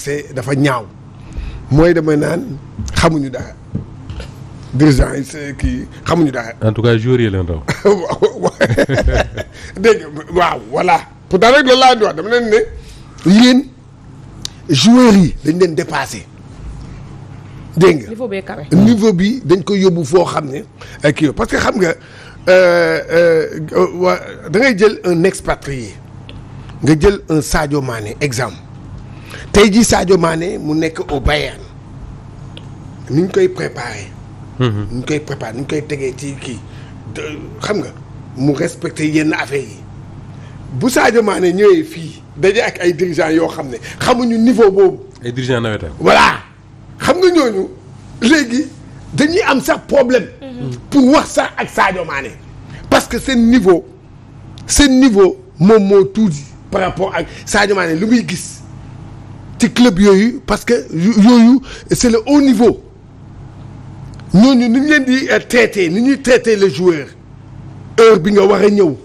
accès dafa ñaaw mooy dama naan xamuñu dara dirigeant yi kii xamuñu daa en tout cas joueurs yi leen raw. dégg waaw voilà pourtant rek loolu laa di wax dama leen ne yi dañ leen dépassé. dégg nga niveau bee niveau bi dañ koy yóbbu foo xam ne kii parce que xam nga euh, euh, waa jël un expatrié nga jël un Sadio Mané exemple. tey jii Sadio Mané mu nekk au Bayern ni ñu koy préparé. Mhm. ni ñu koy préparé ni koy tegee ci kii xam nga mu respecté yenn affaire yi bu Sadio Mané ñëwee fii daje ak ay dirigeants yoo xam ne xamuñu niveau boobu. ay dirigeants nawetaan. voilà xam nga ñooñu léegi dañuy am sax problème. Mhm. pour wax sax ak Sadio Mané. parce que seen niveau seen niveau moom moo tuuti par rapport ak Sadio Mané lu muy gis. ci club yooyu parce que yooyu c'est le haut niveau ñooñu ni ñu leen di euh, traité ni ñuy traité les joueurs heure bi nga war a ñëw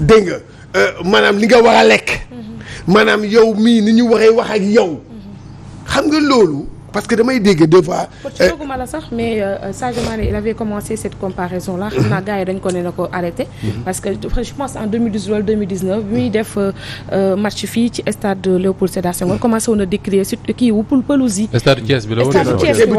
dégg nga euh, maanaam li nga war a lekk mhm. maanaam yow mii ni ñu waree wax ak yow mhm. xam nga loolu parce que damay dégg des fois. cooguma eh, la sax mais euh, Sadio Mané il avait commencé cette comparaison là xam mhm. naa gars dañ ko ne ko arrêté. Mhm. parce que je pense en wala muy mhm. def euh, euh, match fii ci stade Léopold Sédar Senghor commencé woon a décrier kii wu pelouse yi. stade Thiès bi la woon. stade Thiès bi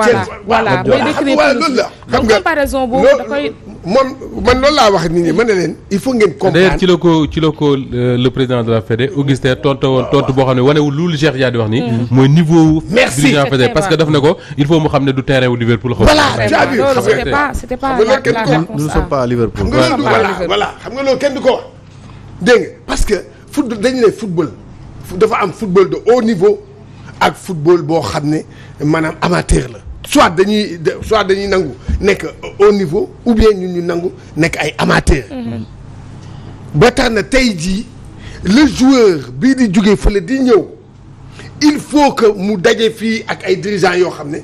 voilà voilà. comparaison boobu da koy. moom man loolu laa wax nit ñi ma ne leen il faut ngeen comprendre d'ailleurs ci la ko ci la ko euh, le président de la FEDE Augustin tontu woon tontu boo xam ne wanewul lu Cheikh Dia di wax nii mm-hmm. mooy niveau dirigeant FEDE parce que daf na ko il faut moo xam ne du terrain wu Liverpool xaw voilà tu as vu xam nga c'était pas loolu kenn ko wax nous nga loolu kenn ko wax parce que foot dañu ne football dafa am football de haut niveau ak football boo xam ne maanaam amateur la soit dañuy soit dañuy nangu nekk au niveau ou bien ñun ñu nangu nekk ay amateurs. Mhm. ba tax na tey jii le joueur bii di jóge fële di ñëw il faut que mu daje fii ak ay dirigeants yoo xam ne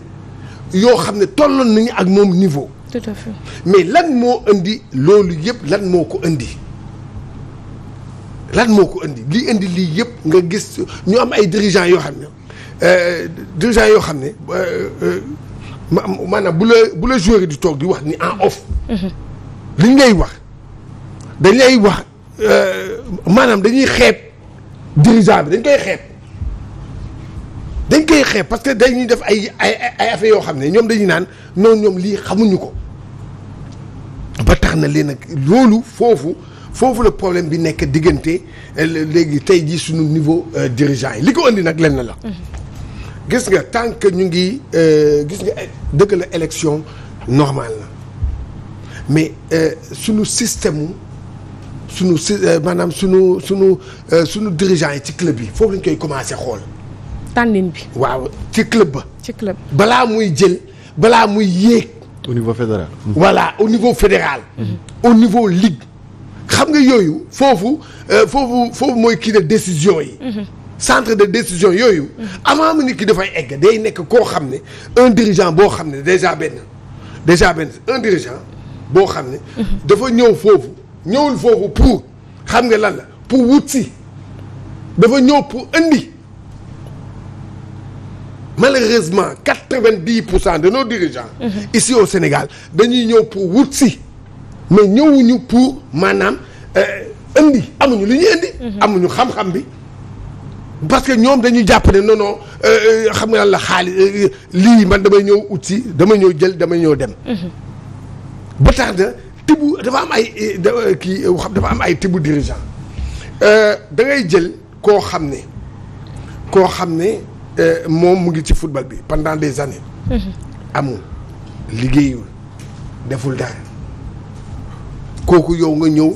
yoo xam ne tolloon nañu ak moom niveau. tout mais lan moo indi loolu yëpp lan moo ko indi lan moo ko indi li indi lii yëpp nga gis ñu am ay dirigeants yoo xam ne euh, dirigeants yoo xam ne. Euh, euh, ma maanaam bu la bu la joueur yi di toog di wax ni en off. Mhm. liñ lay wax dañ lay wax euh, maanaam dañuy xeeb dirigeant bi dañ koy xeeb dañ koy xeeb parce que dañuy def ay ay ay affaires yoo xam ne ñoom dañuy naan noonu ñoom lii xamuñu ko ba tax na leen nag loolu foofu foofu la problème bi nekk diggante euh, léegi tey jii suñu niveau euh, dirigeant yi li ko andi nag lenn la. Mhm. gis nga tant que ñu ngi euh, gis nga dëgg la élection normal la mais euh, suñu système suñu si euh, maanaam suñu suñu suñu dirigeant yi ci club yi foofu lañ koy commencé xool. tànnin bi. waaw ci club ba. ci club balaa muy jël balaa muy yéeg. au voilà au niveau fédéral. Mmh. au niveau ligue. xam nga yooyu foofu foofu foofu mooy kii de décision yi. Mhm. centre de décision yooyu. avant amu ñu ki dafay egg day nekk koo xam ne un dirigeant boo xam ne déjà benn déjà benn un dirigeant boo xam ne. dafa ñëw foofu ñëwul foofu pour xam nga lan la pour wut si dafa ñëw pour indi malheureusement quatre-vingt-dix pour cent de nos dirigeants. Mhm. ici au Sénégal dañuy ñëw pour wut si mais ñëwuñu pour maanaam euh, indi amuñu lu ñuy indi. Mhm. amuñu xam-xam bi. parce que ñoom dañuy jàpp ne non non euh, euh, xam nga la xaalis euh, lii man damay ñëw ut si damay ñëw jël damay ñëw dem. Mhm. ba tax na dafa am ay kii xam dafa am ay tibu dirigeant da jël koo xam ne koo xam ne moom mu ngi ci football bi pendant des années. Mhm. amul liggéeyul deful dara kooku yow nga ñëw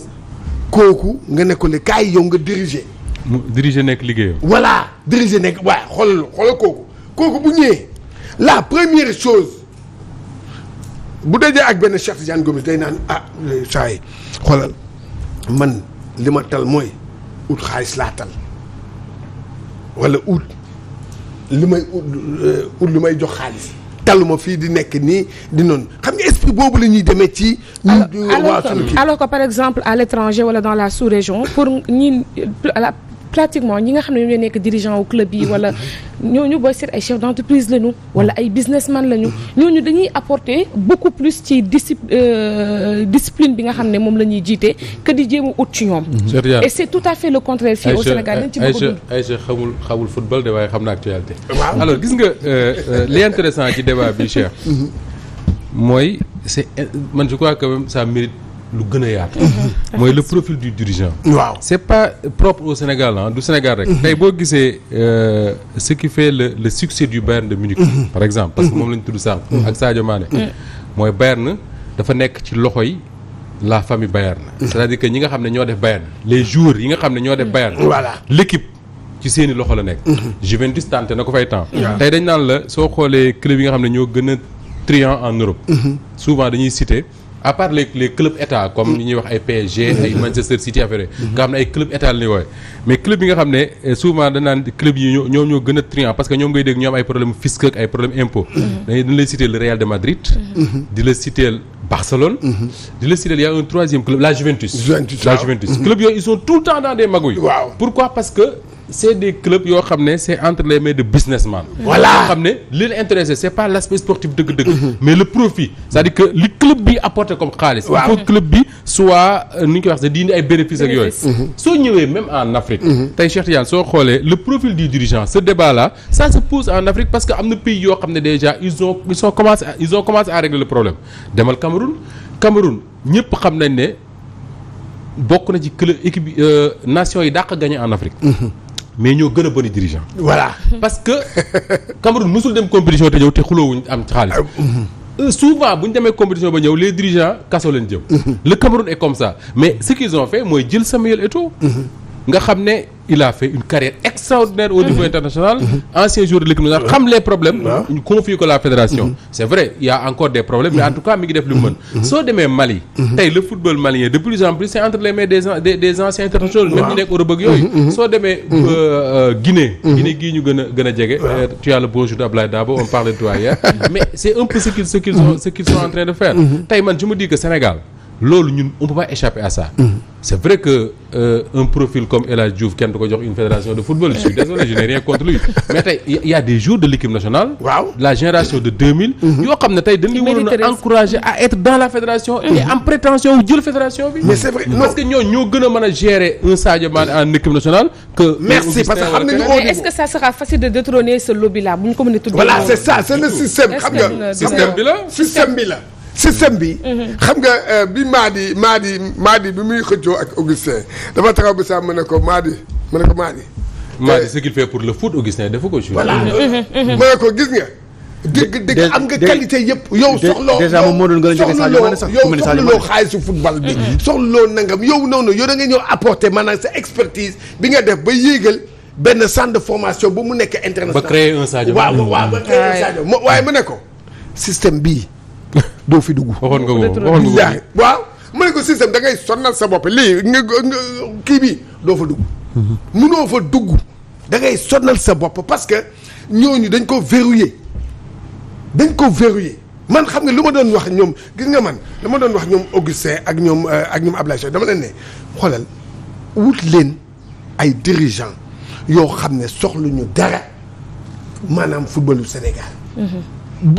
kooku nga ne ko ne kaay yow nga diriger. mu diriger nekk liggéeyam. voilà diriger nekk waa xoolal xoolal kooku kooku bu ñëwee la première chose bu dajee ak benn Cheikh Tidiane Gomis day naan ah saa xoolal man li ma tal mooy ut xaalis laa tal wala ut li may ut euh, ut li may jox xaalis. taluma fii di nekk nii di noonu xam nga esprit boobu la ñuy demee ci. alors que par exemple à l'étranger wala dans la sous-région pour ñi pratiquement ñi nga xam ne ñoo nekk dirigeant wu club yi wala ñooñu booy seet ay chef d'entreprise lañu wala ay business businessman lañu ñooñu dañuy apporter beaucoup plus ci disci euh, discipline bi nga xam ne moom la ñuy jiite que di jéem a ut ñoom. Mm-hmm. et c'est tout à fait le contraire fii au Sénégal dañ ci bëgg a Aïcha xamul xam na actualité. alors gis nga euh, euh, li intéressant ji débat bi Cheikh. Mm-hmm. mooy c'est man je crois que sa mérite. lu gën a yaatu. Mhm. mooy le profil du dirigeant. waaw c' est pas propre au Sénégal du Sénégal rek. Mhm. tey boo gisee euh, ce qui fait le le succès du Bayern de Munich. Mhm. par exemple parce que moom la ñu tudd sànq. ak Sadio Mané. mooy Bayern dafa nekk ci loxo yi la famille Bayern. c' est à dire que ñi nga xam ne ñoo def Bayern. les jours yi nga xam ne ñoo def Bayern. voilà l' équipe ci seen loxo la nekk. Juventus tenté na ko fay temps. tey dañ naan la soo xoolee club yi nga xam ne ñoo gën a triant à part les les comme mm. ñuy wax ay PSG ay Manchester City affaire nga xam ne ay club état la ñuy mais club yi nga xam ne eh, souvent danaan club yi ñoom ñoo gën a parce que ñoom ngay dégg ñoo ay problème fisc ay problème impôt mm-hmm. dañuy dañ lay Real de Madrid mm-hmm. di la citer Barcelone mm-hmm. di la citer club la Juventus club yooyu ils sont tout temps dans des pourquoi parce que c'est des clubs yoo xam ne c'est entre les mains de businessman. voilà yoo xam ne li la intéressé c'est pas l'aspect sportif dëgg-dëgg. Mhm. mais le profit c'est-à-dire que li club bi apporté comme xaalis. waaw il club bi soit euh, ni ñu koy wax sax di indi ay bénéfices ak yooyu. Mhm. soo ñëwee même en Afrique. Mhm. tey Cheikh Tidiane soo xoolee le profil du dirigeant ce débat là ça se pose en Afrique parce que am na pays yoo xam ne déjà ils ont ils sont commencé ils ont commencé à régler le problème demal Cameroun Cameroun ñëpp xam nañ ne bokk na ci club équipe euh, nations yi dàq gagné en Afrique. mais ñoo gën a bëri dirigeant. voilà parce que Cameroun mosul dem compétition te ñëw te xuloowuñ am xaalis. Ah, mm-hmm. euh, souvent bu ñu demee compétition ba ñëw les dirigeants kaso leen jëm. Mm-hmm. le Cameroun est comme ça mais ce qu'ils ont fait mooy jël Samuel Eto'o. Mm-hmm. nga xam ne il a fait une carrière extraordinaire au niveau mhm. international mhm. ancien joueur de l'équipe nationale xam les problèmes ñu confie ko la fédération mhm. c'est vrai il a encore des problèmes mais en tout cas mi ngi def lu mu soo demee Mali tey le football malien de en plus c'est entre les mains des anciens internationaux même ñu nekk Europe ak yooyu soo demee euh, euh, Guinée Guinée gii ñu gën a gën a jege euh, tu as le bonjour d'Ablaye Dabo on parlait de toi hier mais loolu ñun on peut pas échapper à ça. c'est vrai que euh, un profil comme El Hadj Diouf kenn du ko jox une fédération de football je suis désolé je n'ai rien contre lui mais tey il des jours de l'équipe nationale. waaw la génération de 2000. yoo xam ne tey dañu waroon a encourager à être dans la fédération. et am prétention jël fédération bi. mais c'est vrai parce que ñoo gën a mën a gérer un Sadio Mané en équipe nationale. que merci parce que xam nañu mais est-ce a tuddee. voilà c'est ça c'est le système. xam nga système bi la système bi la. système bi. Mhm. xam nga euh, bi Madi Madi maadi bi muy xëccoo ak Augustin dafa taxaw bi saa mu ne ko Madi mu ne ko Madi. Madi ce qu'il fait pour le foot Augustin dafa ko. voilà mu mhm. mhm. ne ko gis nga. dëgg dëgg am nga qualité yëpp yow soxloo moo doon gën a jege Sadio Mané sax yow soxloo xaalisu football bi soxloo nangam yow noonu yow da nga ñëw apporter maanaam sa expertise bi nga def ba yéegal benn centre de formation ba mu nekk international ba créer un Sadio waaw waaw ba créer un Sadio waaye mu ne ko système bii doo fi dugg. ko waxoon nga ko waaw ma ne ko système da ngay sonnal sa bopp lii nga kii bi doo fa dugg. mënoo mhm. fa dugg da ngay sonnal sa bopp parce que ñooñu dañ ko verrouillé dañ ko verrouillé man xam nga lu ma doon wax ñoom gis nga man lu ma doon wax ñoom Augustin ak ñoom euh, ak ñoom Ablaye dama leen ne xoolal wut leen ay dirigeants yoo xam ne soxluñu dara maanaam footballu Sénégal. Mhm.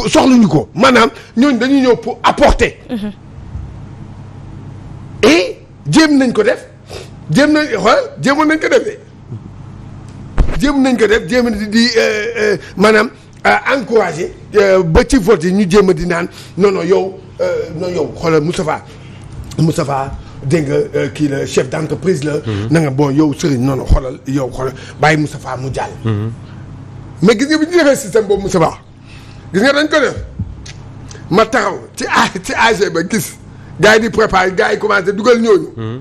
soxluñu ko maanaam ñooñu dañuy ñëw pour apporter. et jéem nañ ko def jéem nañ xool jéem nañ ko def de jéem nañ ko def jéem di di euh, euh, maanaam encourager euh, ba ci vote yi ñu jéem a di naan non non yow non yow xoolal Moustapha Moustapha dégg nga kii la chef d'entreprise la. Mhm. na nga bon yow Serigne noonu non xoolal yow xoolal bàyyi Moustapha mu jàll. Mhm. mais gis nga bi ñu defee système boobu Moustapha. gis nga dañ ko def ma taxaw ci ci AG ba gis gaa yi di préparé gars yi commencé dugal ñooñu. Hmm.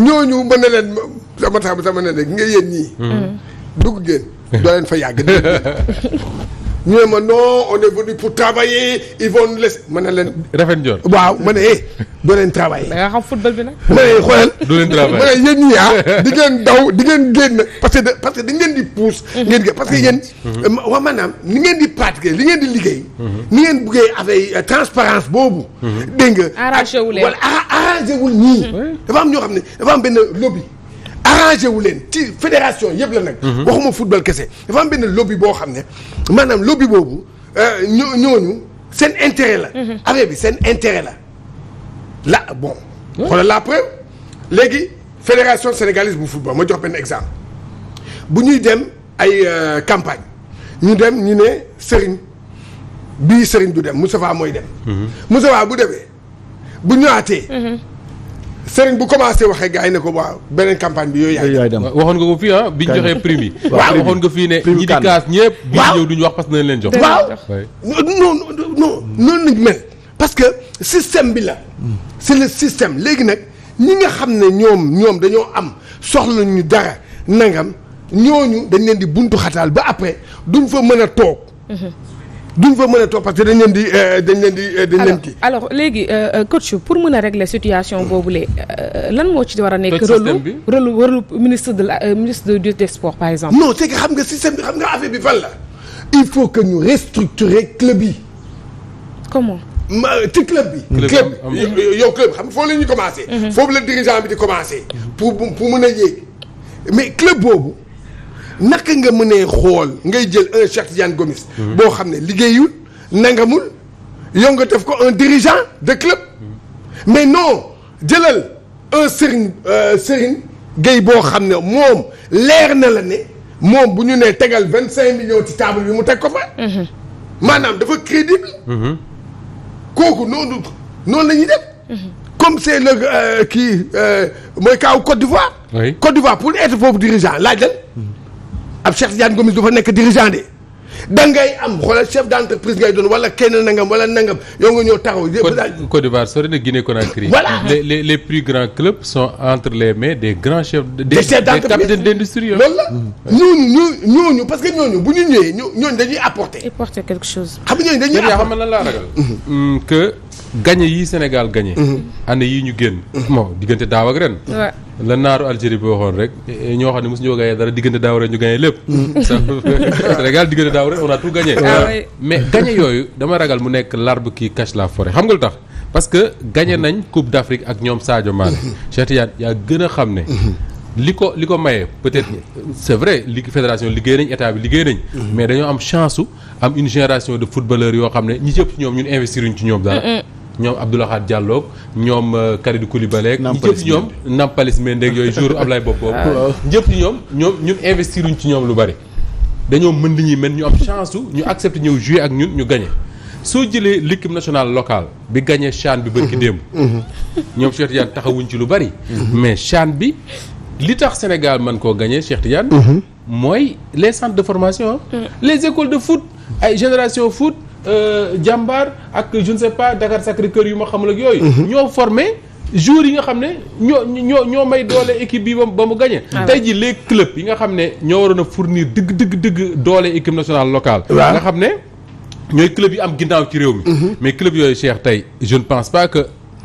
ñooñu mën na leen sama taxaw sama ne ne gi nga yéen ñii. Hmm. dugg ngeen. doo leen fa yàgg. ñu ne ma non on est venu pour travailler ils vont nous laisser ma ne leen. rafet njoor waaw ma ne eh doo leen xam football bi na ma ne xoolal. leen travailler ma ne ah, di ngeen daw di ngeen génn parce que parce que dañ leen di pousse. Mhm. ngeen génn parce que yéen. Mhm. waaw maanaam ni ngeen di pratiquer li ngeen di liggéey. Mhm. ni ngeen buggee avec euh, transparence boobu. dégg nga arrangé wu leen wala arrangé wul ñii. dafa am ñoo xam ne dafa am benn lobby. arrangé wu leen ti fédération yëpp la nag. Mhm. waxuma football kese dafa am benn lobby boo xam ne maanaam lobby boobu euh, ñoo ñooñu seen intérêt la. Mhm. affaire bi seen intérêt la la bon. xoolal la preuve léegi fédération sénégalaise bu football ma jox benn exemple bu ñuy dem ay euh, campagne ñu dem ñu ne Serigne bii Serigne du dem Moustapha mooy dem. Mhm. Moustapha bu demee bu ñëwaatee. sëriñ bu commencé waxee gars yi ne ko waaw beneen campagne bi yooyu yaay dem waxoon nga ko fii ah bi ñu joxee prime yi waaw waxoon nga fii ne ñi di kaas ñëpp bi ñu ñëw duñu wax parce que nañ leen jox waaw non non parce que système bi la c'est le système léegi nag ñi nga xam ne ñoom ñoom dañoo am soxla ñu dara nangam ñooñu dañ leen di buntu xataal ba après duñ fa mën a toog mhm. duñ fa mën a toog parce que dañ leen di euh, dañ leen di euh, dañ leen kii alors léegi euh, coach pour mën a régler situation boobu hmm. boobule lan moo ci war a nekk rôlu rôlu rôlu ministre de la ministre des sports par exemple non c'est que xam nga système bi xam nga affaire bi fan la il faut que ñu restructurer club yi comment ma ci club bi. club yow club xam foofu la ñuy commencé. Mhm. foofu la dirigeant bi di commencé. Mhm. pour pour mën a yéeg mais club boobu. naka nga mënee xool ngay jël un Cheikh Tidiane Gomis. boo xam ne liggéeyul nangamul yow nga def ko un dirigeant de club. mais non jëlal un Serigne euh, Serigne Gueye boo xam ne moom leer na la ne moom bu ñu nee tegal vingt cinq millions ci table bi mu teg ko fa. maanaam dafa crédible. kooku noonu noonu la def. comme c'est le euh, kii euh, mooy kaaw Côte d'Ivoire. Côte d'Ivoire pour être foofu dirigeant laaj leen. ab Cheikh Tidiane Gomis du fa nekk dirigeant de dangay am xoolal chef d'entreprise ngay doon wala kenn nangam wala nangam yow nga ñëw taxaw. Côte d'Ivoire sori na Guinée Conakry. voilà les les les plus grands clubs sont entre les mains des grands chefs. des chefs d'entreprise des capitaines d'industrie mm. ñooñu ñooñu parce que ñooñu bu ñu ñëwee ñooñu dañuy apporter. apporter quelque chose. xam nga ñooñu dañuy apporter xam nga lan laa mm-hmm. mm, que gagné yi Sénégal gagné. Mm-hmm. année yi ñu génn. Mm-hmm. bon diggante daaw ak ren. la naaru Algérie bi waxoon rek ñoo xam ne mosu ñoo gagné dara diggante daaw ren ñu gagné lépp. Mm. Sénégal diggante daaw ren on a tout gagné. Ah mais gagné yooyu dama ragal mu nekk l'arbre kii cache la forêt xam nga lu tax. parce que gagné nañ Coupe d'Afrique ak ñoom Sadio Mané. Mm-hmm. Cheikh yaa gën a xam ne. Mm-hmm. li ko li ko maye peut-être c'est vrai li fédération liggéey nañ état bi liggéey nañ. Mm-hmm. mais dañoo am chance am une génération de footballeurs yoo xam ne ñi jëpp ci ñoom ñun investir ci ñoom ñoom Abdoulaye Diallo ñoom euh, Kalidou Koulibaly ñëpp ñoom Nampalys Mendy yooyu jour Ablaye Bob boobu ah. ñëpp ci ñoom ñoom ñun investiruñ ci ñoom lu bari dañoo mën li ñuy mel ñu am chance su ñu accepté ñëw jouer ak ñun ñu gagné soo jëlee l'équipe nationale locale bi gagné CHAN bi bërki mhm. démb mhm. ñoom Cheikh Tidiane taxawuñ ci lu bari mhm. mais CHAN bi li tax Sénégal man koo gagné Cheikh Tidiane mooy les centres de formation mm. les écoles de foot ay génération foot Euh, jàmbaar ak je ne sais pas Dakar Sacré-Cœur yu ma xamul yooyu. Mhm. ñoo formé joueurs yi nga xam ne ñoo ñoo ñoo may doole équipe bi ba mu gagné. Ah tey ji les clubs yi nga xam ne ñoo waroon a fournir dëgg dëgg dëgg doole équipe nationale locale. nga xam ne ñooy club yi am ginnaaw ci réew mi. Mhm. mais club yooyu Cheikh tey je ne pense pas que.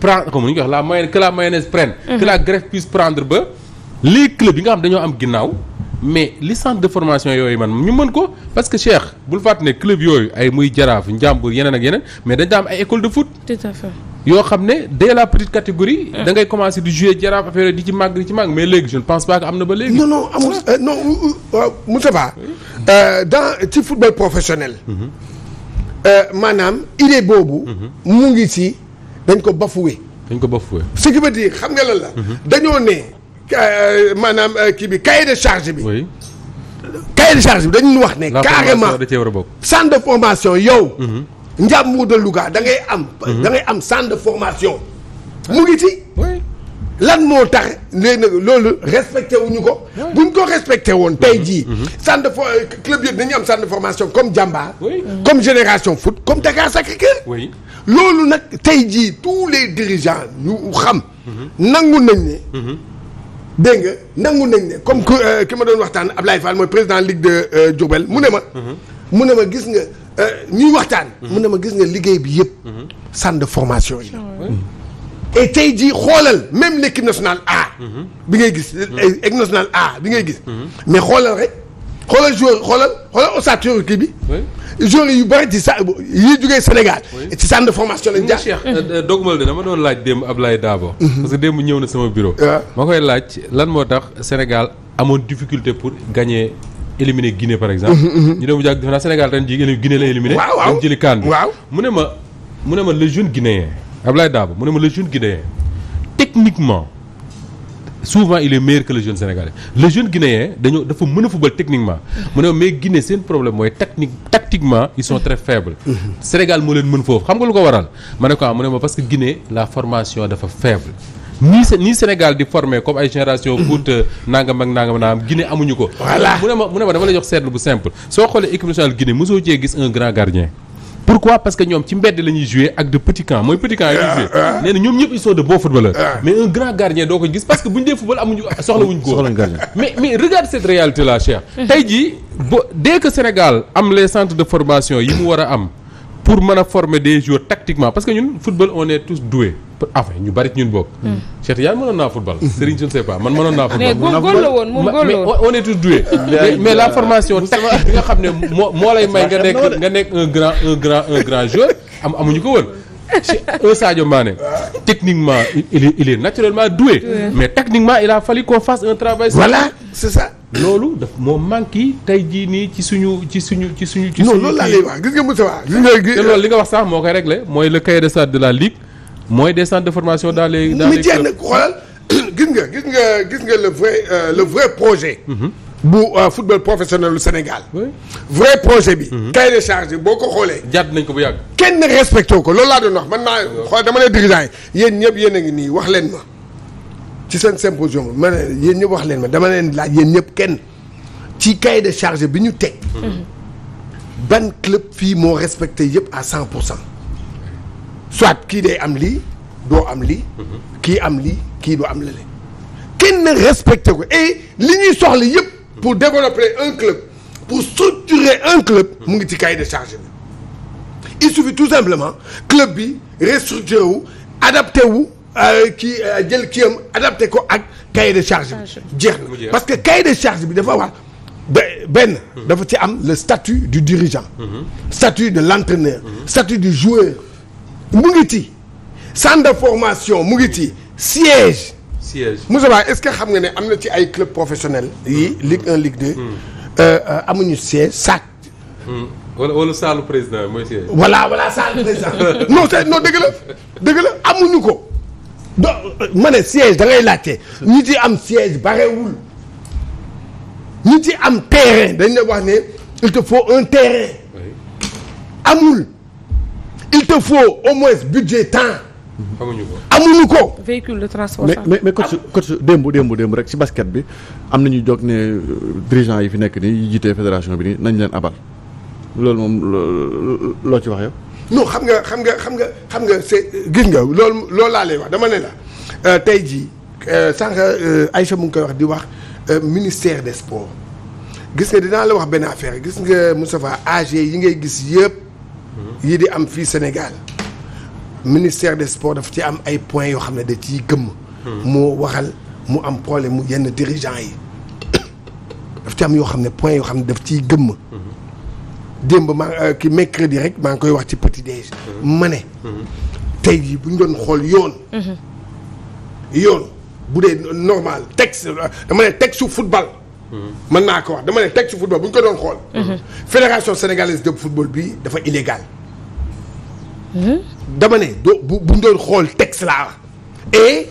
prendre comme ni ñu wax la mayonnaise que la mayonnaise prenne. Mhm. que la ba les clubs yi nga xam dañoo am ginnaaw. mais li centre de formation yooyu man ñu mën ko parce que Cheikh bul fàtte ne club yooyu ay muy jaraaf njàmbur yeneen ak yeneen mais dañ daa am ay école de foot. tout à yoo xam ne dès la petite catégorie. Mhm. da ngay commencer di jouer jaraaf affaire di ci màgg di ci màgg mais léegi je ne pense pas que am na ba léegi. non non amul euh, non waaw Moustapha euh, dans ci football professionnel. Mhm. Euh, maanaam boobu. mu dañ ko bafoué. dañ ko bafoué. ce qui veut dire xam nga lan la. Mhm. dañoo ne euh, maanaam euh, kii bi cahier de charge bi. oui cahier de charge bi dañu wax ne. carrément centre de formation yow. Mhm. Njàmbur de Louga da ngay am. Mhm. da ngay am centre de formation mu ngi ci. lan moo tax léegi nag loolu respecté ñu ko buñ ko respecté woon tey jii sant mhm. de euh, club yëpp dañu am centre de formation comme Jàmbaar comme Génération Foot comme Dakar Sacré-Cœur loolu nag tey jii tous les dirigeants ñu xam mhm. nangu nañ ne mhm. dégg nga nangu nañ ne comme euh, ki ma doon waxtaan Ablaye Fall mooy président Ligue de euh, Diourbel mu ne ma mu ne ma gis nga ñuy waxtaan mu ne ma gis nga liggéey bi yëpp centre de formation yi la et tey jii xoolal même l'équipe nationale A. bi ngay gis. équipe nationale A bi ngay gis. mais xoolal rek xoolal joueur xoolal xoolal ossature kii bi. joueur yu bari ci sa yi jugee Sénégal. ci centre de formation lañ jaar. Cheikh euh, euh, dama doon laaj démb Ablaye daabo mhm. parce que démb ñëw na sama bureau. ma koy laaj lan moo tax Sénégal amoon difficulté pour gagner. éliminer Guinée par exemple. Mhm, mhm. ñu dem jàpp defe Sénégal ren jii Guinée la éliminer. waaw waaw mu ne ma mu ne ma le jeune guinéen. lay Dabo mu ne ma le jeune guinéen techniquement souvent il est meilleur que le jeune sénégalais le jeune guinéen dañoo dafa mën a football techniquement mu ne mais Guinée seen problème mooy technique tactiquement ils sont très faibles Sénégal moo leen mën foofu xam nga lu ko waral ma ne ko ah, mu ne ma parce que Guinée la formation dafa faible nii nii Sénégal di forme comme ay génération mhm. foot euh, nangam ak nangam naam Guinée amuñu ko voilà mu ne ma mu ne ma dama la jox seetlu bu soo xoolee équipe nationale Guinée mosoo cee pourquoi parce que ñoom ci mbedd la ñuy jouer ak de petits camps mooy petits camps yi ah, ah. ñoom ñëpp ils sont de ah. mais un grand gardien doo ko gis parce que bu ñu dee football amuñu soxla wuñ ko mais mais regarde cette réalité là Cheikh tey jii ba dès que Sénégal am les centres de formation yi mu war a am pour mën a forme des joueurs tactiquement parce que ñun football on est tous doués enfin ñu bari ci ñun bokk. Hmm. Cheikh Tidiane mënoon naa football. Hmm. Serigne je ne sais pas man mënoon naa football. mais góorgóorlu la woon moom góorlu woon on est tous doués. mais la formation tactique bi nga xam ne moo moo lay may nga nekk nga nekk un grand un grand un grand joueur am amuñu ko woon. un Sadio Mané techniquement il est il est naturellement doué. mais techniquement il a fallu qu'on fasse un travail. voilà c'est ça. loolu daf moo manqué tey jii nii ci suñu ci suñu ci suñu. ci suñu non loolu laa lay wax gis nga Moussa. gis nga te loolu li nga wax sax moo koy réglé mooy le cahier de stade de la ligue. mooy des centres de formation dans les. dans jeex na nag xoolal gis nga gis nga gis nga le vrai euh, le vrai projet. Mhm. bu euh, football professionnel lu Sénégal. vrai projet bi. Mhm. cahier de boo ko xoolee. jàdd nañ ko bu yàgg. kenn respecté ko loolu laa doon wax man maa xool dama ne dirigeant yi yéen ñëpp yéen a ngi nii wax leen ma ci seen symposium ma ne yéen ñëpp wax leen ma dama leen laaj yéen ñëpp kenn ci cahier de bi ñu teg. Mhm. ban club fii moo respecté yëpp à cent pour cent. soit kii day am lii doo am lii. Mhm. kii am lii kii doo am lële. kenn respecté ko et li ñuy soxla yëpp. pour développe un club. pour structurer un club. mu ngi ci cahier de charge bi. il suffit tout simplement club bi restructuré wu adapté wu euh, kii euh, jël kii am adapté ko ak cahier de charge bi. jeex na parce que cahier de charge bi dafa wax benn. Mhm. dafa ci am le statut du dirigeant. Mhm. statut de l'entraîneur. statut du joueur. mu ngi ci centre de formation mu ngi ci siège. siège Moussa est-ce que xam nga ne am na ci ay club professionnel yi Ligue 1 Ligue 2. Hmm. Euh, euh, amuñu siège sac. Hmm. wala wala saalu président mooy siège. voilà voilà saalu président non c'est non dëgg la dëgg la amuñu ko. do ma ne siège da ngay laajte ñi ci am siège barewul ñi ci am terrain dañ la wax ne il te faut un terrain amul. il te faut au moins budget temps. amuñu ko amuñu ko. véhicule de transport. mais mais mais coach coach démb démb démb rek ci basket bi am na ñu jóg ne euh, dirigeant yi fi nekk nii yi jiite fédération bi nii nañ leen abal loolu moom loo ci wax yow. non xam nga xam nga xam nga xam nga c'est gis nga loolu loolu laa lay wax dama ne la euh, tey jii euh, sànq Aïcha mu ngi koy wax di wax ministère des sports gis nga dinaa la wax benn affaire gis nga Moustapha AG yi ngay gis yëpp. yii di am fii Sénégal ministère de sports dafa ci am ay points yoo xam ne da ciy gëmm. moo waxal mu am problème mu yenn dirigeant yi daf ci am yoo xam ne points yoo xam ne daf ciy gëmm. démb maa euh, ki crédit rek maa ngi koy wax ci petit déj. ma ne. tey jii bu ñu doon xool yoon. Mhm. yoon bu dee normal texte euh, dama ne texte football. man naa ko wax dama ne teg ci football bu ñu ko doon xool. Mhm. fédération sénégalaise de football bi dafa illégal. Mhm. dama ne doo bu bu ñu doon xool texte laa wax. et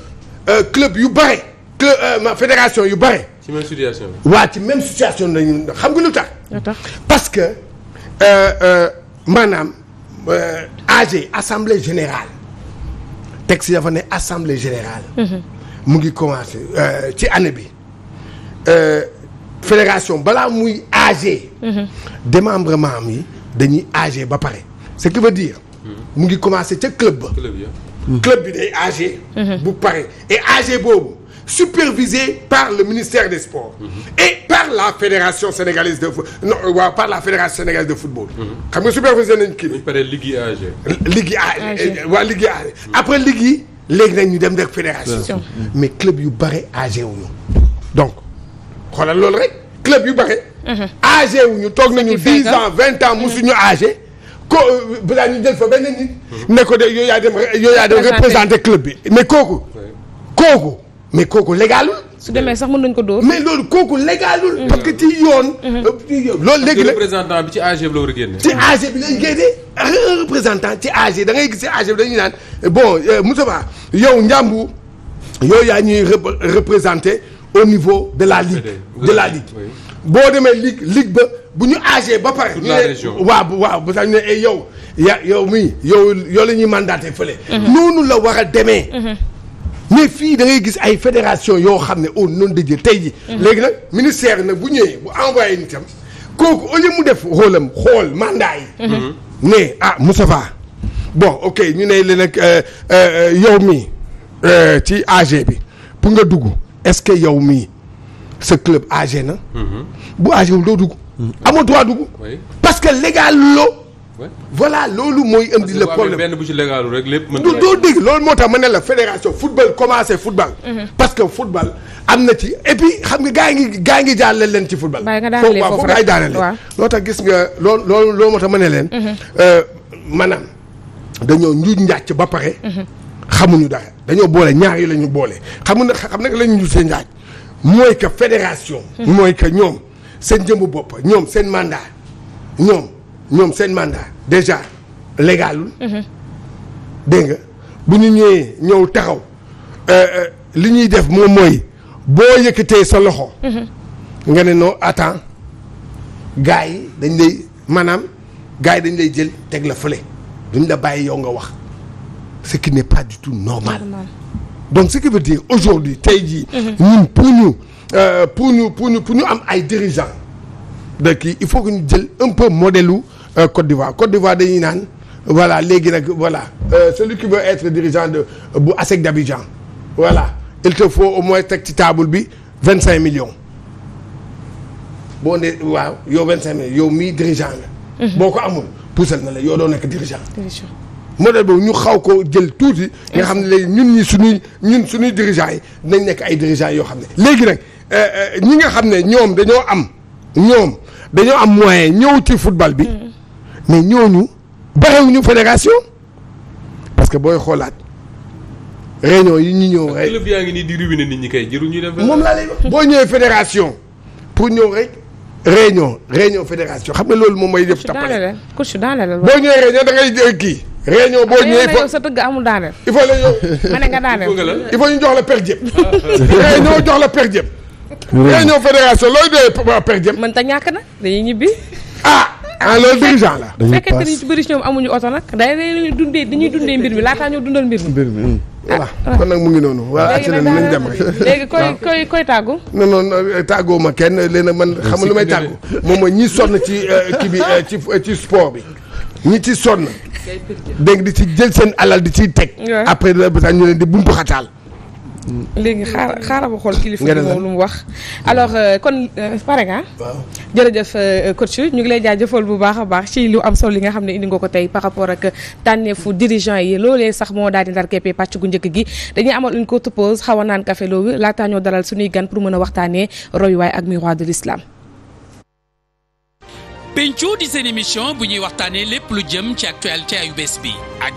euh, club yu bare. club euh, fédération yu bare. ci même waa ci même situation lañu xam nga lu tax. parce que euh, euh maanaam AG assemblée générale. dafa ne assemblée générale. Mhm. mu ngi commencé ci année bi. fédération balaa muy âgé. Mhm. démembrement am yi dañuy âgé ba pare. ce qui veut dire. Mhm. mu ngi commencé ca club mhm. club bi day âgé. bu pare et âgé boobu supervisé par le ministère des sports. et par la fédération sénégalaise de par la fédération sénégalaise de football. xam nga supervisé nañ kii. bu paree ligue yi âgé. Eh, eh, après ligue yi léegi nag ñu dem de fédération. mais club yu bare âgé wuñu donc. xoolal loolu rek club yu bare mhm. âgé wu ñu toog nañu dix ans vingt ans musuñu âgé ko balaa ñu jël fa benn nit mhm. ne ko de yooyu yaa dem yooyu yaa dem représenté club bi mais kooku kooku mais kooku légalul su demee sax mën nañ ko dóor mais loolu kooku légalul mhm. parce que ci yoon euh, loolu léegi la représentant bi ci AG bi la war a génne ci AG bi lay génne un représentant ci AG da ngay gis ci AG bi dañuy naan bon euh, Moussa yow njàmbu yooyu yaa ñuy représenté au niveau de la ligue de boo demee ligue ligue ba bu ñu âgé ba pare ñu waaw waaw ba tax ñu ne ay eh, yow ya yow mii yow yow la ñuy mandaté fële mhm. noonu la war a demee mhm. mais fii da gis ay fédération yoo xam ne au nom de tey ji mhm. léegi nag ministère nag bu ñëwee bu envoyé nitam kooku au lieu mu def xool yi ne ah Moustapha bon ok ñu ne leen nag euh, euh, euh, yow mii ci AG bi pour nga dugg est-ce que yow mii sa club âgé na. bu âgé wul doo dugg. Mm-hmm. amoo droit dugg. parce que légal loo. voilà loolu mooy indi le problème benn bu ci légal rek lépp mën doo dégg loolu moo tax ma ne la fédération football commencé football. Mm-hmm. parce que football am na ci et puis xam nga gaa ngi gaa ngi jaarale leen ci football. waaye nga daanalee foofu rek waaw loo tax gis nga loolu loolu loolu moo tax ma ne leen. Mm-hmm. Euh, maanaam dañoo njuuj njàcc ba pare. xamuñu daal dañoo boole ñaar yi la ñu boole xamu na xam nag la ñu ñu seen njaaj mooy que fédération. Hmm. mooy que ñoom seen jëmbu bopp ñoom seen mandat ñoom ñoom seen mandat déjà légalul. Hmm. dégg nga bu ñu ñëwee ñëw taxaw euh, euh, li ñuy def moom mooy boo yëkkatee sa loxo. Hmm. nga ne non attends gars yi dañ lay maanaam gars yi dañ lay jël teg la fële duñ la bàyyi yow nga wax. ce qui n'est pas du tout normal. donc ce qui veut dire aujourd'hui tey jii. Mhm. ñun pour ñu euh, pour ñu pour ñu pour ñu am ay dirigeants. donc il faut que ñu jël un peu modèle u euh, Côte d'Ivoire Côte d'Ivoire dañuy naan voilà léegi nag voilà euh, celui qui veut être dirigeant de bu ASEC d'Abidjan voilà il te faut au moins teg ci table bi vingt cinq millions. boo ne waaw yow vingt cinq millions yow mii dirigeant la. Mhm. boo ko amul puusal na la yoo doo nekk dirigeant. modèle boobu ñu xaw ko jël tuuti. nga xam ne léegi ñun ñi suñuy ñun suñuy dirigeants yi dinañ nekk ay dirigeants yoo xam ne. léegi nag euh, euh, ñi nga xam ne ñoom dañoo am ñoom dañoo am moyen ñëw ci football bi. Mm. mais ñooñu barewuñu fédération. parce que booy xoolaat réunion yi ñu ñëw rek. club ngi nii di ruiner nit ñi kay jëru ñu dem. moom laa lay boo ñëwee fédération pour ñëw rek. réunion réunion fédération xam nga loolu moom mooy def. tapale boo ñëwee réunion da ngay euh, kii. réunion boo ñëwee il faut sa tëgg amul daaneel. il faut la ñu. ma jox la per jëm. réunion la per jëm. réunion fédération looy doyee per jëm. mën ta ñàkk na dañuy ñibbi. ah ah loolu dirigeant la. dañuy paas fekkente ni ci bëri ñoom amuñu oto nag. dañuy dundee dañuy dundee mbir mi laataa ñoo dundal mbir mi. mbir mi voilà ah, ah. kon nag mu ngi noonu. waa accident bi nañ dem rek. léegi koy koy koy tàggu. non non eh, tàggoo ma kenn léegi nag man. xam lu may tàggu moom mooy ñi sonn ci euh, kii euh, ci ci sport bi. ñi ci sonn. dégg di ci jël seen alal di ciy teg. après dina ba ñu leen di buntu xataal. léegi xaaral xaaral xool kilifa bi moom lu mu wax. alors euh, kon euh, pare nga jërëjëf euh, coach ñu ngi lay jaajëfal bu baax a baax ci lu am solo li nga xam ne indi nga ko tey par rapport ak tànneefu dirigeant yi loolee sax moo daal di ndar keppee pàcc gu njëkk gi dañuy amal une courte pause xaw naan café loobu laataa ñoo dalal suñuy gan pour mën a waxtaanee royuwaay ak miroir de l'islam penco di seen émission bu ñuy waxtaanee lépp lu jëm ci actualité ayubés bi ak